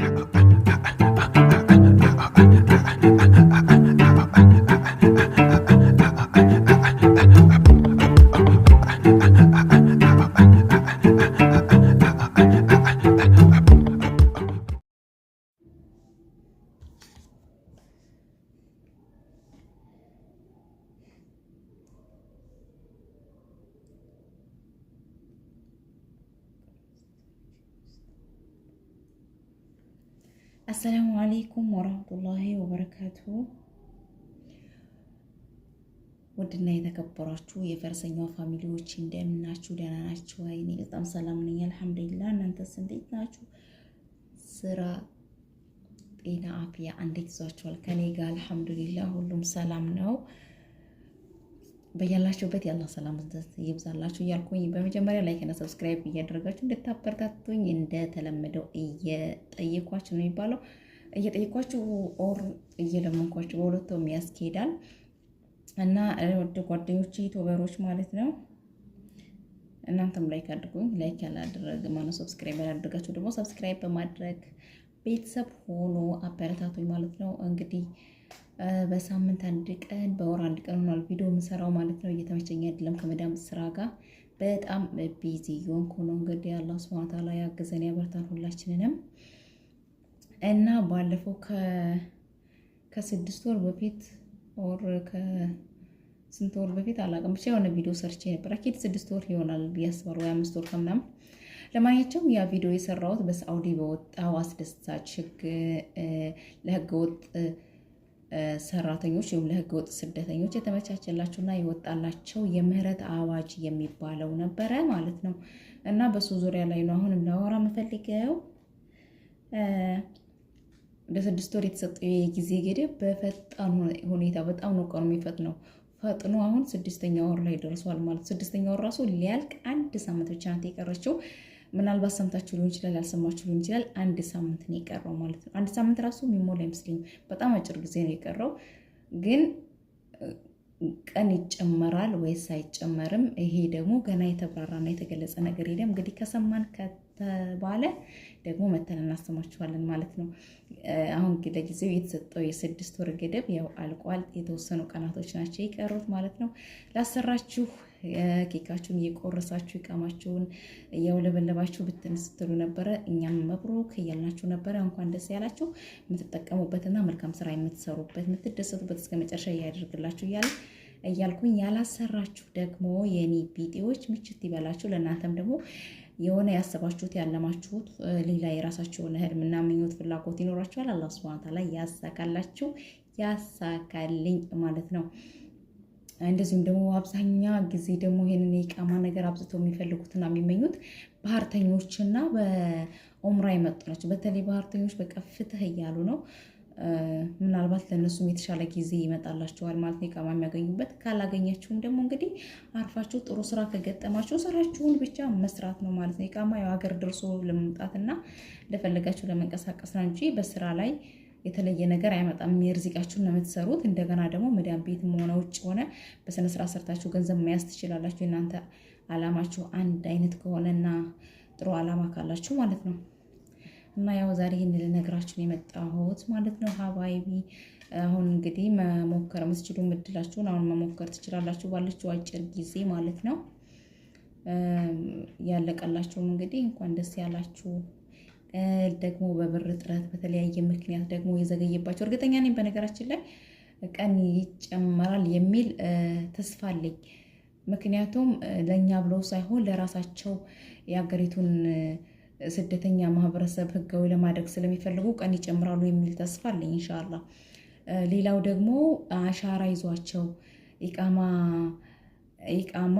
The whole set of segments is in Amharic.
Uh, uh, uh. አሰላሙ አሌይኩም ወረህመቱላሂ ወበረካቱ። ውድና የተከበሯችሁ የፈረሰኛው ፋሚሊዎች እንደምናችሁ፣ ደህና ናችሁ? እኔ በጣም ሰላም ነኝ አልሐምዱሊላህ። እናንተስ እንዴት ናችሁ? ስራ፣ ጤና፣ አፍያ እንዴት ይዟችኋል? ከኔ ጋር አልሐምዱሊላህ ሁሉም ሰላም ነው። በያላችሁበት ያለ ሰላም ይብዛላችሁ እያልኩኝ በመጀመሪያ ላይክ እና ሰብስክራይብ እያደረጋችሁ እንድታበረታቱኝ እንደተለመደው እየጠየኳችሁ ነው የሚባለው እየጠየኳችሁ ኦር እየለመንኳችሁ በሁለቱም ያስኬዳል እና ወደ ጓደኞች ቶበሮች ማለት ነው። እናንተም ላይክ አድርጉኝ። ላይክ ያላደረገ ማነው ሰብስክራይብ ያላደረጋችሁ ደግሞ ሰብስክራይብ በማድረግ ቤተሰብ ሆኖ አበረታቱኝ ማለት ነው እንግዲህ በሳምንት አንድ ቀን በወር አንድ ቀን ሆኗል ቪዲዮ የምሰራው ማለት ነው። እየተመቸኝ አይደለም ከመዳም ስራ ጋር በጣም ቢዚ የሆንኩ ነው። እንግዲህ አላህ ሱብሃነሁ ወተዓላ ያገዘን ያበርታን ሁላችንንም እና ባለፈው ከስድስት ወር በፊት ወር ከስንት ወር በፊት አላውቅም፣ ብቻ የሆነ ቪዲዮ ሰርቼ ነበር። አኬድ ስድስት ወር ይሆናል ብዬ ወይ አምስት ወር ከምናምን ለማየቸው ያ ቪዲዮ የሰራሁት በሳውዲ በወጣው አስደሳች ህግ ለህገወጥ ሰራተኞች ወይም ለህገ ወጥ ስደተኞች የተመቻቸላቸውና የወጣላቸው የምህረት አዋጅ የሚባለው ነበረ ማለት ነው። እና በሱ ዙሪያ ላይ ነው አሁንም ላወራ የምፈልገው። ለስድስት ወር የተሰጠው የጊዜ ገደብ በፈጣን ሁኔታ በጣም ነው ቀኑ የሚፈጥነው። ፈጥኖ አሁን ስድስተኛ ወር ላይ ደርሷል ማለት ስድስተኛ ወር ራሱ ሊያልቅ አንድ ሳምንት ብቻ ናት የቀረችው። ምናልባት ሰምታችሁ ሊሆን ይችላል፣ ያልሰማችሁ ሊሆን ይችላል። አንድ ሳምንት ነው የቀረው ማለት ነው። አንድ ሳምንት ራሱ የሚሞላ አይመስለኝም። በጣም አጭር ጊዜ ነው የቀረው። ግን ቀን ይጨመራል ወይስ አይጨመርም? ይሄ ደግሞ ገና የተብራራና የተገለጸ ነገር የለም። እንግዲህ ከሰማን ከተባለ ደግሞ መተን እናሰማችኋለን ማለት ነው። አሁን ለጊዜው የተሰጠው የስድስት ወር ገደብ ያው አልቋል። የተወሰኑ ቀናቶች ናቸው የቀሩት ማለት ነው። ላሰራችሁ ኬካችሁን እየቆረሳችሁ እቃማችሁን እያውለበለባችሁ ብትን ስትሉ ነበረ። እኛም መብሩክ እያልናችሁ ነበረ። እንኳን ደስ ያላችሁ። የምትጠቀሙበትና መልካም ስራ የምትሰሩበት የምትደሰቱበት እስከ መጨረሻ እያደርግላችሁ እያለ እያልኩኝ ያላሰራችሁ ደግሞ የኔ ቢጤዎች ምችት ይበላችሁ። ለእናንተም ደግሞ የሆነ ያሰባችሁት ያለማችሁት ሌላ የራሳችሁ የሆነ ህልምና ምኞት ፍላጎት ይኖራችኋል። አላህ ሱብሃነሁ ወተዓላ ያሳካላችሁ ያሳካልኝ ማለት ነው። እንደዚሁም ደግሞ አብዛኛ ጊዜ ደግሞ ይህንን የቃማ ነገር አብዝተው የሚፈልጉትና የሚመኙት ባህርተኞችና በኦምራ የመጡ ናቸው። በተለይ ባህርተኞች በቃ ፍትህ እያሉ ነው። ምናልባት ለእነሱም የተሻለ ጊዜ ይመጣላቸዋል ማለት ነው፣ ኢቃማ የሚያገኙበት። ካላገኛችሁም ደግሞ እንግዲህ አርፋችሁ ጥሩ ስራ ከገጠማችሁ ስራችሁን ብቻ መስራት ነው ማለት ነው። ቃማ የሀገር ድርሶ ደርሶ ለመምጣትና እንደፈለጋችሁ ለመንቀሳቀስ ነው እንጂ በስራ ላይ የተለየ ነገር አይመጣም። የርዚቃችሁን ነው የምትሰሩት። እንደገና ደግሞ መዳን ቤት ሆነ ውጭ ሆነ በስነስርዓት ሰርታችሁ ገንዘብ መያዝ ትችላላችሁ። እናንተ አላማችሁ አንድ አይነት ከሆነና ጥሩ አላማ ካላችሁ ማለት ነው። እና ያው ዛሬ ይህን ልነግራችሁን የመጣሁት ማለት ነው ሀባይቢ። አሁን እንግዲህ መሞከር የምትችሉ ምድላችሁን አሁን መሞከር ትችላላችሁ፣ ባለችው አጭር ጊዜ ማለት ነው። ያለቀላችሁም እንግዲህ እንኳን ደስ ያላችሁ። ደግሞ በብር እጥረት በተለያየ ምክንያት ደግሞ የዘገየባቸው እርግጠኛ ነኝ በነገራችን ላይ ቀን ይጨመራል የሚል ተስፋ አለኝ። ምክንያቱም ለእኛ ብሎ ሳይሆን ለራሳቸው የሀገሪቱን ስደተኛ ማህበረሰብ ህጋዊ ለማድረግ ስለሚፈልጉ ቀን ይጨምራሉ የሚል ተስፋ አለኝ እንሻላ። ሌላው ደግሞ አሻራ ይዟቸው ኢቃማ ኢቃማ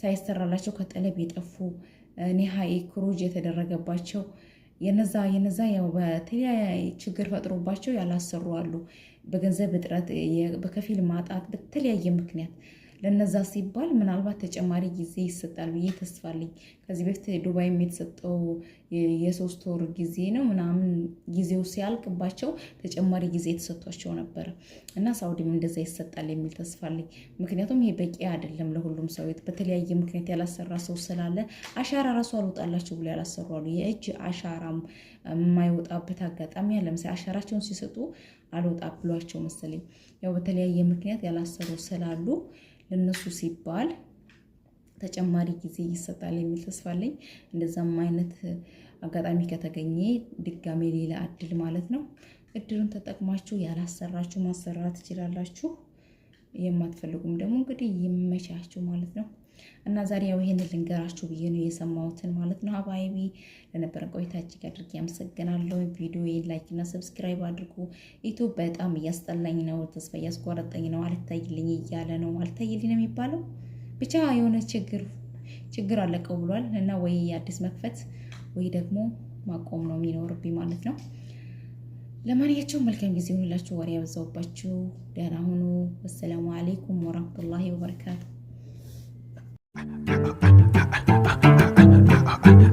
ሳይሰራላቸው ከጠለብ የጠፉ ኒሃ ክሩጅ የተደረገባቸው የነዛ የነዛ በተለያየ ችግር ፈጥሮባቸው ያላሰሩ አሉ። በገንዘብ እጥረት፣ በከፊል ማጣት፣ በተለያየ ምክንያት ለነዛ ሲባል ምናልባት ተጨማሪ ጊዜ ይሰጣል ብዬ ተስፋልኝ ከዚህ በፊት ዱባይም የተሰጠው የሶስት ወር ጊዜ ነው ምናምን ጊዜው ሲያልቅባቸው ተጨማሪ ጊዜ የተሰጥቷቸው ነበረ እና ሳውዲም እንደዛ ይሰጣል የሚል ተስፋ ምክንያቱም ይሄ በቂ አይደለም ለሁሉም ሰው በተለያየ ምክንያት ያላሰራ ሰው ስላለ አሻራ ራሱ አልወጣላቸው ብሎ ያላሰሩ አሉ። የእጅ አሻራ የማይወጣበት አጋጣሚ አለ። ምሳሌ አሻራቸውን ሲሰጡ አልወጣ ብሏቸው መሰለኝ ያው በተለያየ ምክንያት ያላሰሩ ስላሉ ለነሱ ሲባል ተጨማሪ ጊዜ ይሰጣል የሚል ተስፋ አለኝ። እንደዛም አይነት አጋጣሚ ከተገኘ ድጋሜ ሌላ እድል ማለት ነው። እድሉን ተጠቅማችሁ ያላሰራችሁ ማሰራት ትችላላችሁ። የማትፈልጉም ደግሞ እንግዲህ ይመቻችሁ ማለት ነው። እና ዛሬ ያው ይሄንን ልንገራችሁ ብዬ ነው የሰማሁትን ማለት ነው። አባይቢ ለነበረን ቆይታ እጅግ አድርጌ ያመሰግናለሁ። ቪዲዮ ላይክ እና ሰብስክራይብ አድርጉ። ኢትዮ በጣም እያስጠላኝ ነው፣ ተስፋ እያስቆረጠኝ ነው፣ አልታይልኝ እያለ ነው። አልታይልኝ ነው የሚባለው ብቻ የሆነ ችግር ችግር አለቀው ብሏል እና ወይ አዲስ መክፈት ወይ ደግሞ ማቆም ነው የሚኖርብኝ ማለት ነው። ለማንኛቸውም መልካም ጊዜ ሁላችሁ። ወሬ ያበዛውባችሁ። ደህና ሁኑ። ወሰላሙ አሌይኩም ወራህመቱላሂ ወበረካቱ Uh,